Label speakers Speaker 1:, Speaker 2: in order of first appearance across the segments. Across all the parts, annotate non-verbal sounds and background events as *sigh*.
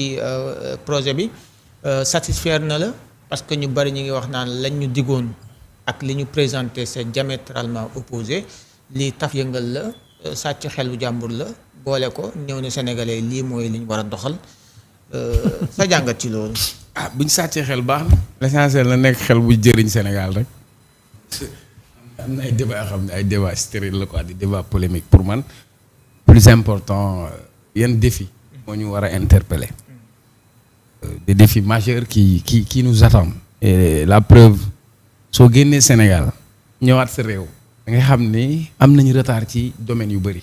Speaker 1: ci euh, projet bi euh, satisfaire na la parce que ñu bari ñu ngi wax naan lañ ñu digoon ak li ñu présenté c'est diamétralement opposé lii taf yëngal la euh, sàcc xelu jàmbur la boole ko ñëw ne sénégalais lii mooy li ñu war a doxal *laughs* sa jàngat ci loolu. ah buñ sàccee xel baax na. la nekk xel bu jëriñ Sénégal rek. *laughs* am na ay débat xam ne ay débat stérile la ko di débat polémique pour man plus important yan défi moo ñu war a interpeller euh, des défis majeurs qui qui qui nous attendent la preuve soo génnee Sénégal ñëwaat sa réew da nga xam ni am nañu retard ci domaines yu bëri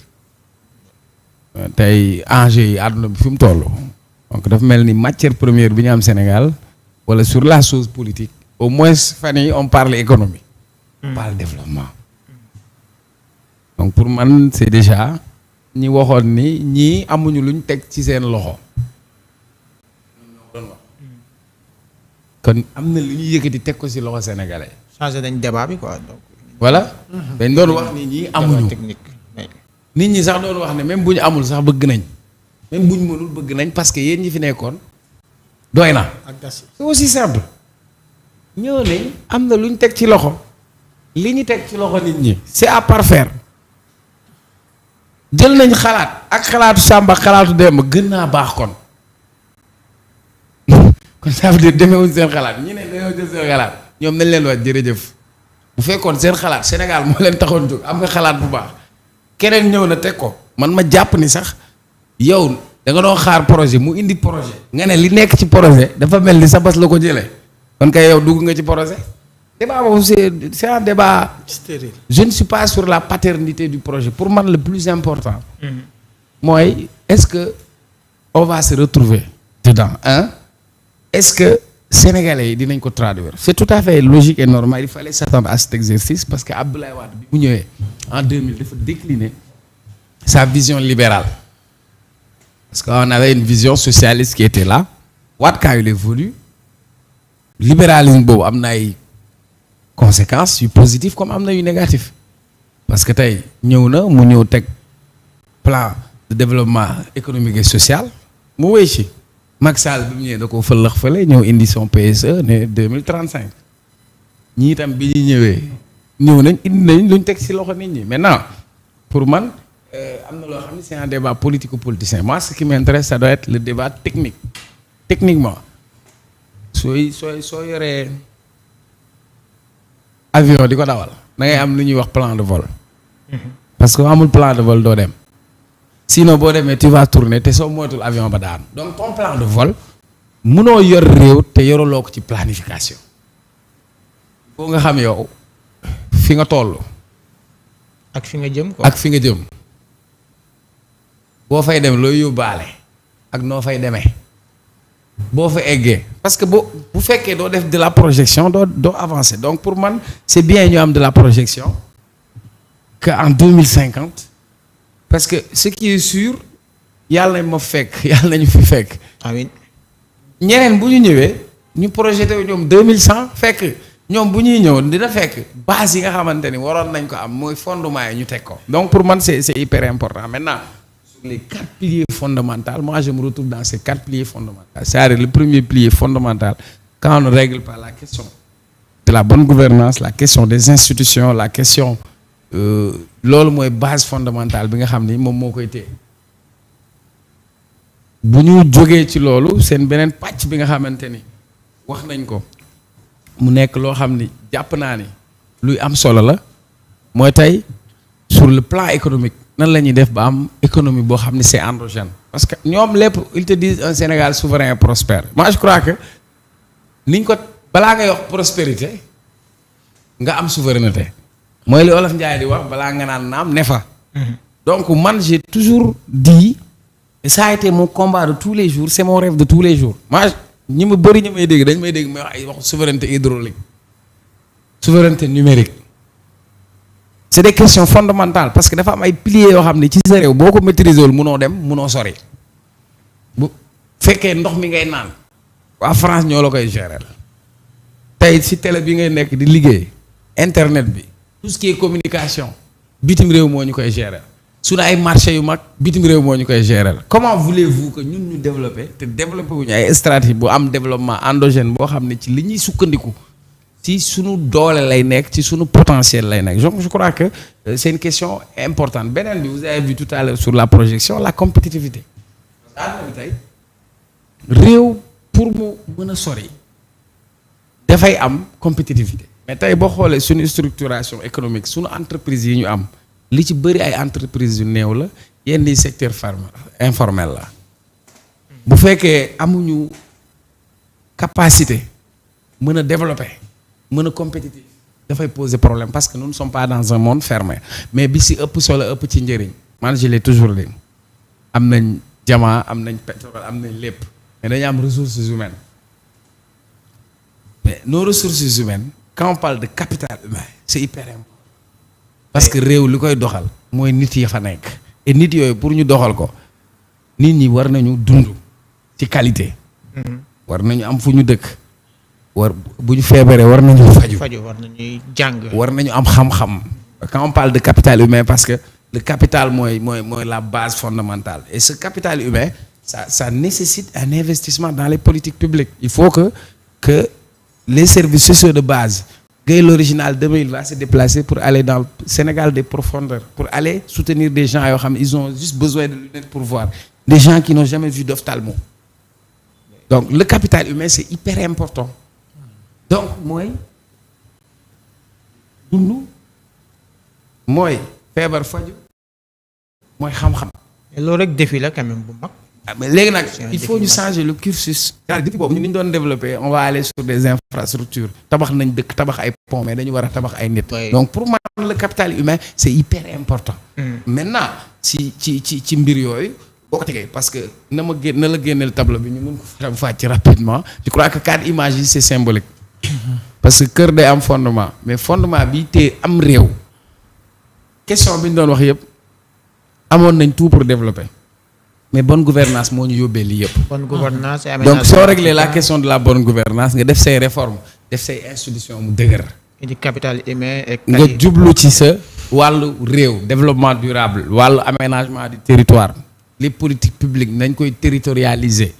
Speaker 1: euh, tey enjeux yi àdduna bi fi mu toll donc dafa mel ni matière première bi ñu am Sénégal wala sur la chose politique au moins fan on parle économie on hmm. parle développement donc pour man c'est déjà ñi waxoon ni ñii amuñu luñ teg ci seen loxo kon am na lu ñuy yëkkati teg ko ci loxo sénégalais. changé nañ débat bi quoi donc. voilà mm-hmm. dañ doon wax ni nit ñi sax doon wax ne même buñ amul sax bëgg nañ même buñ mënul bëgg nañ parce que yéen ñi fi nekkoon doy na. c'est si sedd ñëw ne am na lu teg ci loxo li ñu teg ci loxo nit ñi. c'est à parfaire. jël nañ xalaat ak xalaatu sàmba xalaatu Demba gën naa baax kon *laughs* kon ça veut dire demewuñ seen xalaat ñi ne dañoo jël seen xalaat ñoom nañ leen wax jërëjëf bu fekkoon seen xalaat Sénégal moo leen taxoon jóg am nga xalaat bu baax keneen ñëw na teg ko man ma jàpp ni sax yow danga doon xaar projet mu indi projet nga ne li nekk ci projet dafa mel ni sa bas la ko jëlee kon kay yow dugg nga ci projet. débat boobu c'est c'est un débat je ne suis pas sur la paternité du projet pour man le plus important mm-hmm. mooy est-ce que on va se retrouver dedans hein est-ce que sénégalais yi dinañ ko traduire c'est tout à fait logique et normal il fallait s'attendre à cet exercice parce que Abdoulaye Wade bi mu ñëwee en deux mille dafa décliner sa vision libérale parce qu'on avait une vision socialiste qui était là Wade quand il est libéralisme boobu am na ay conséquences yu positif comme am na yu négatif parce que tey ñëw na mu ñëw teg plan de développement économique et social mu wéy ci mag Sall bi mu ñëwee da ko fëllax fële ñëw indi son PSE ne deux mille trente cinq ñii tam bi ñu ñëwee ñëw nañ indi nañ luñ teg ci loxo nit ñi maintenant pour man euh, am na loo xam ne c'est un débat politico-politicien moi ce qui m'intéresse ça doit être le débat technique techniquement sooy sooy soo yoree avion di ko dawal da ngay am lu ñuy wax plan de vol. parce que amul plan de vol doo dem. sinon boo demee tu vas tourner te soo moytul avion ba daan donc ton plan de vol. munoo yor réew te yoraloo ko ci planification. boo nga xam yow fi nga toll. ak fi nga jëm ak fi nga jëm. boo fay dem looy yóbbaale. ak noo fay demee. boo fa eggee parce que boo bu fekkee doo def de la projection doo doo avancer donc pour man c'est bien ñu am de la projection que en deux mille cinquante parce que ce qui est sûr yàlla nañ ma fekk *laughs* yàlla nañu fi fekk. amiin ñeneen bu ñu ñëwee ñu projeté wu ñoom deux mille cent fekk ñoom bu ñuy ñëw dina fekk base yi nga xamante ni waroon nañ ko am mooy fondement yi ñu teg ko donc pour man c'est c'est hyper important maintenant. sur les quatre piliers fondamentaux. Moi, je me retrouve dans ces quatre piliers fondamentaux. cest à le premier pilier fondamental, quand règle pas la question de la bonne gouvernance, la question des institutions, la question... Euh, loolu mooy base fondamentale bi nga xam ni moom moo koy téye bu ñu jógee ci loolu seen beneen pàcc bi nga xamante ni wax nañ ko mu nekk loo xam ni jàpp naa ni luy am solo la mooy tey sur le plan économique nan la ñuy def ba am économie boo xam ne c'est endogène parce que ñoom lépp ils te disent un Sénégal souverain et prospère moi je crois que niñ ko balaa ngay wax prospérité nga am souveraineté mooy li Olof Ndiaye di wax balaa nga naan naam ne fa mhm. donc man j'ai toujours di et ça a été mon combat de tous les jours c'est mon rêve de tous les jours moi ñi ma bëri ñu may dégg dañ may dégg may wax ay waxu souveraineté hydraulique souveraineté numérique c'est des questions fondamentales parce que dafa am ay piliers yoo xam ne ci sa réew boo ko maîtriser wul munoo dem munoo sori bu fekkee ndox mi ngay naan waa France ñoo la koy gérer tey ci télé bi ngay nekk di liggéey internet bi tout ce communication bitim réew moo ñu koy gérer suñu ay marché yu mag bitim réew moo ñu koy gérer comment voulez-vous que ñun ñu développer te développer wu ñu ay stratégie bu am développement endogène boo xam ne ci li ñuy sukkandiku. ci sunu doole lay nekk ci suñu potentiel lay nekk donc je crois que euh, c'est une question importante beneen bi vous avez vu tout à l'heure sur la projection la compétitivité aadna bi tey réew pour mu mën a sori dafay am compétitivité mais tey boo xoolee suñu structuration économique suñu entreprise yi ñu am li ci bëri ay entreprise yu néew la yenn yi secteur farma informel la bu fekkee amuñu capacité mën a développer mën a compétitif dafay poser problème parce que nous ne sommes pas dans un monde fermé mais bi si ëpp solo ëpp ci njëriñ man je l'ai toujours dit am nañ jamaa am nañ pétrole am nañ lépp mais dañu am ressources humaines mais nos ressources humaines quand de capital humain c'est hyper important parce que réew li koy doxal mooy nit ya fa nekk nit yooyu pour ñu doxal ko nit ñi war nañu dund ci qualité mm-hmm. war nañu am fu ñu dëkk war bu ñu feebaree war nañu faju war nañu am xam-xam. quand on parle de capital humain parce que le capital mooy mooy mooy la base fondamentale et ce capital humain ça ça nécessite un investissement dans les politiques publiques. il faut que que les services sociaux de base. Gueye l'original demain il va se déplacer pour aller dans le Sénégal des profondeurs pour aller soutenir des gens yoo xam ils ont juste besoin de lunettes pour voir des gens qui n'ont jamais vu d'ophtalmo donc mooy dund mooy feebar faju mooy xam-xam. loolu rek défi la quand même bu mag. Ah, léegi nag il faut ñu changer le cursus. ñu ñu doon développer on va aller sur des infrastructures tabax nañ dëkk tabax ay pont mais dañu war a tabax ay nit. donc pour man le capital humain c'est hyper important. Mm. maintenant ci ci ci ci mbir yooyu. boo ko tegee parce que na ma génn na la génneel tableau bi ñu mën ko faram fàcc rapidement je crois que quatre images yi c'est symbolique. parce que kër day am fondement mais fondement bi te am réew question bi ñu doon wax yëpp amoon nañ tout pour développer mais bonne gouvernance moo ñu yóbbee lii yëpp. bonne gouvernance donc soo régler la question de la bonne gouvernance nga def say réformes def say institutions mu dëgër. indi capital humain nga jublu ci sa wàllu réew développement durable wàllu aménagement du territoire li politique publique nañ koy territorialiser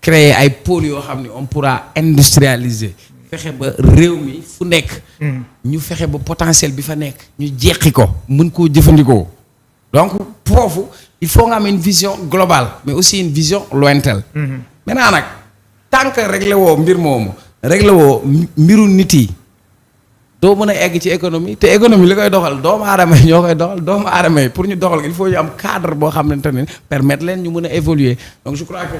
Speaker 1: créer ay pôles yoo xam ni on pourra industrialiser. fexe ba réew mi fu nekk. Hmm. ñu fexe ba potentiel bi fa nekk. ñu jeqi ko mën koo jëfandikoo. donc foofu il faut nga am une vision globale mais aussi une vision lointaine. Hmm. maintenant nag tant que réglé woo mbir moomu. réglé mbiru nit yi doo mën a egg ci économie te économie li koy doxal doomu aadama yi ñoo koy doxal doomu aadama yi pour ñu doxal il faut ñu am cadre boo xamante ne permettre leen ñu mën a évoluer je crois que.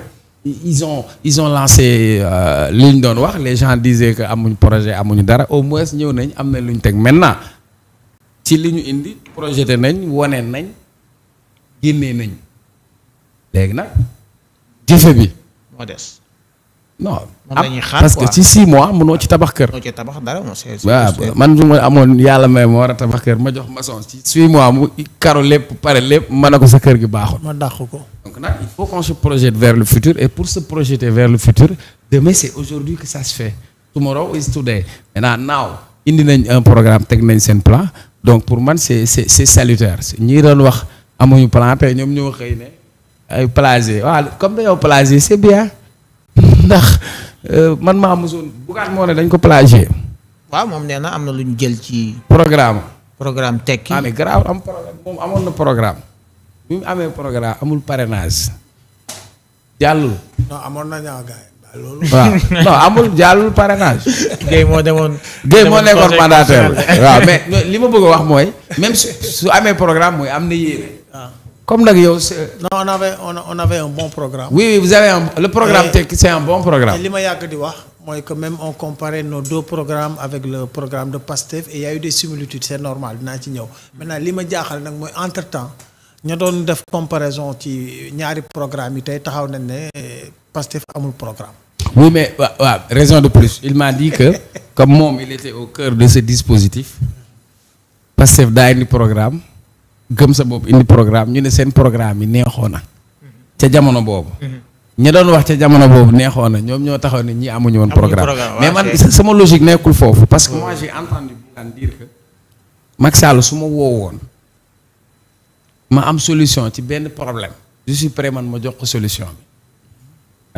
Speaker 1: ils ont ils ont lancé euh, lu ñu doon wax les gens disaient que amuñ projet amuñu dara au moins ñëw nañ am na lu ñu teg maintenant ci li ñu indi projeté nañ wane nañ génnee nañ léegi nag jëfe bi moo des non parce que ci six mois mënoo ci tabax kër. waaw man su ma amoon yàlla may ma war a tabax kër ma jox maçon ci six mois mu karo lépp pare lépp mën na ko sa kër gi baaxul. ma dàq ko. donc nag il faut qu'on se projette pour se projeter vers le futur demain c'est aujourd'hui que ça se fait tomorrow indi nañ un programme teg nañ seen plan donc pour man c'est c'est c'est salutaire ñi doon wax amuñu plan te ñoom ñoo xëy ne ay plagier waaw comme dañoo plagier c'est bien. ndax euh, man maa mosoon bugaat moo ne dañ ko plagier. waaw moom nee na am na lu ñu jël ci. programme. programme tekki. ah mais am programme moom amoon na programme. bi mu amee programme amul parrainage. jàllul. non amoon na ñaaw gaay waaw non amul jàllul parrainage. Guèye moo demoon. Guèye moo nekkoon mandataire waaw mais li ma bëgg wax mooy. même su amee programme mooy am na yéene. comme nag yow. non on avait on avait un bon programme. oui oui vous avez un le programme Tekki li ma yàgg di wax mooy que même on comparait nos deux programmes avec le programme de PASTEF et y a eu des c'est normal dinaa ci ñëw. maintenant li ma jaaxal nag mooy entre temps ña doon def comparaison ci ñaari programme yi tey taxaw nañ ne eh, PASTEF amul programme. oui mais waaw raison de plus il m'a dit que *laughs* comme moom il était au cœur de ce dispositif PASTEF gëm sa bopp indi programme ñu ne seen programme yi neexoo na ca jamono boobu. ñi doon wax ca jamono boobu neexoon na ñoom ñoo taxaw ne ñi amuñu woon programme mais man sama logique nekkul foofu parce que mm. moi j'ai entendu Bougane su ma woo woon ma am solution ci benn problème je suis man ma jox ko solution bi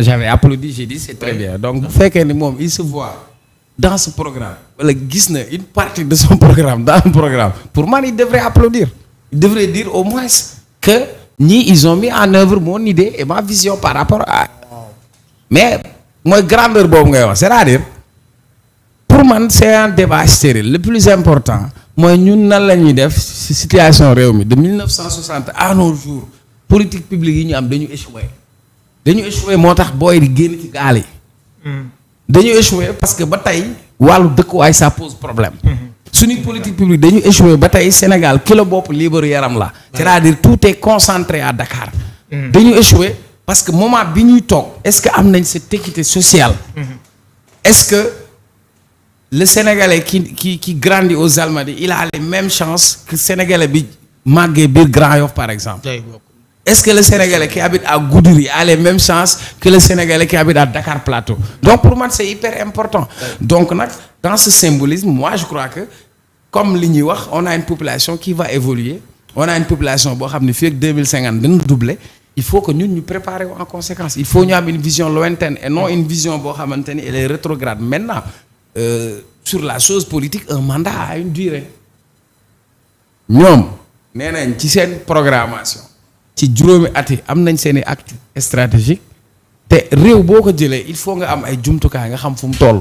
Speaker 1: j'avais applaudi j'ai dit c'est donc bu fekkee ni moom il se voit dans programme wala gis na une partie de son programme dans un programme pour man il devrait applaudir devrait diir au moins que ñii ils ont en œuvre mon idée et ma vision par rapport mais mooy grandeur boobu ngay wax c'est-à-dire pour man c'est un débat stérile le plus important mooy ñun nan la ñuy def si situation réew mi de 1960 à nos jours politique publique yi ñu am dañu échoué dañu échoué moo tax booy di génn ci gaal yi hmm. dañu échoué parce que ba tey wàllu dëkkuwaay sa pose problème hmm. suñu politique publique dañu échoué ba tey Sénégal kilo la bopp libre yaram la c'est-à-dire tout est concentré à Dakar mm-hmm. dañu échoué parce que moment bi ñuy toog est-ce que am nañ cette équité sociale mm-hmm. est-ce que le Sénégalais qui qui qui grandit aux Almadies il a les mêmes chances que Sénégalais bi màggee biir Grand Yoff par exemple est-ce que le Sénégalais qui habite à Goudiri a les mêmes chances que le Sénégalais qui habite à Dakar Plateau donc pour moi c'est hyper important donc nag dans ce symbolisme moi je crois que comme li ñuy wax on a une population qui va évoluer on a une population boo xam ne fii ak deux mille cinquante dina doubler il faut que ñun ñu préparer en conséquence il faut ñu am une vision lointaine et non une vision boo xamante ni elle est rétrograde maintenant euh, sur la chose politique un mandat a une nañ ci seen programmation ci juróomi at yi am nañ seen i acte stratégique te réew boo ko jëlee il faut nga am ay jumtukaay nga xam fu mu toll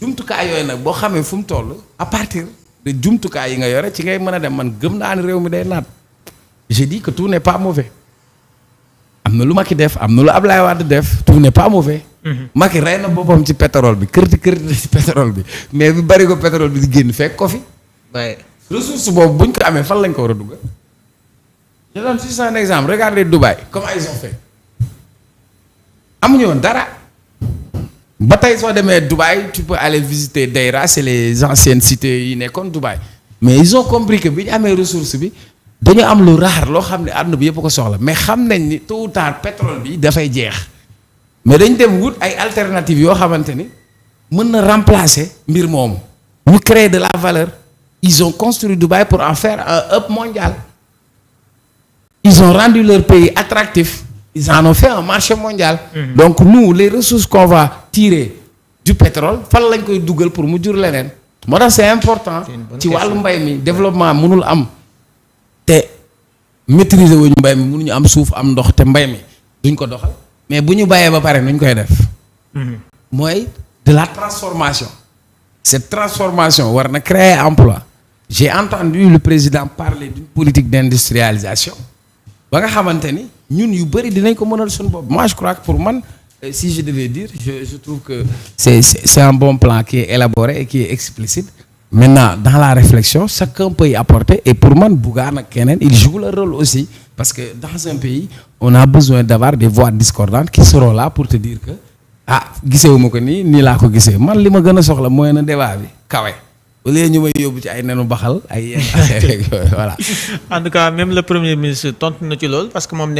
Speaker 1: jumtukaay yooyu nag boo xamee fu mu toll à partir de jumtukaay yi nga yore ci ngay mën a dem man gëm naa ne réew mi day naat je dis que tout n'est pas mauvais am na lu Macky def am na lu Ablaye Wade def tout n'est pas mauvais. Mhm. Macky rey na boppam ci pétrole bi kërti kërti ci petrole bi mais bi bari ko pétrole bi di génn fekk ko fi waaye ressource boobu buñ ko amee fan lañ ko war a dugg je donne juste un exemple regardez Dubaï comment ils ont fait amuñu woon dara ba tey soo demee Dubaï tu peux aller visiter day c'est les anciennes cités yi nekkoon Dubaï mais ils ont compris bi ñu amee ressource bi dañu am lu raar loo xam ne àdduna bi yëpp ko soxla mais xam nañ ni tôt ou tard pétrole bi dafay jeex mais dañ dem wut ay alternatives yoo xamante ni mën na remplacer mbir moomu ñu créer de la valeur ils ont construit Dubaï pour en faire un hub mondial ils ont rendu leur pays attractif ils en ont fait un marché mondial mmh. donc nous les ressources qu'on va tirer du pétrole fan lañ koy dugal pour mu jur leneen moo tax c'est important ci wàllu mbay mi développement mënul am te maîtriser wuñu mbay mi mënuñu am suuf am ndox te mbay mi duñ ko doxal mais bu ñu bàyyee ba pare nuñ koy def mhm. mooy de la transformation cette transformation war na créer emploi j'ai entendu le président parler d'une politique d'industrialisation ba nga xamante ni ñun yu bëri dinañ ko mënal suñu bopp moi je crois que pour man euh, si je devais dire je je trouve que c'est c'est un bon plan qui est élaboré et qui est explicite maintenant dans la réflexion chacun peut y apporter et pour man Bougane ak keneen il joue le rôle aussi parce que dans un pays on a besoin d'avoir des voix discordantes qui seront là pour te dire que ah gisewuma ko nii nii laa ko gisee man li ma gën a soxla mooy na débat bi kawe au lieu ñu may yóbbu ci ay nenu baxal ay yenn *laughs* affaire en tout cas même le premier ministre tontu na ci lool parce que moom nee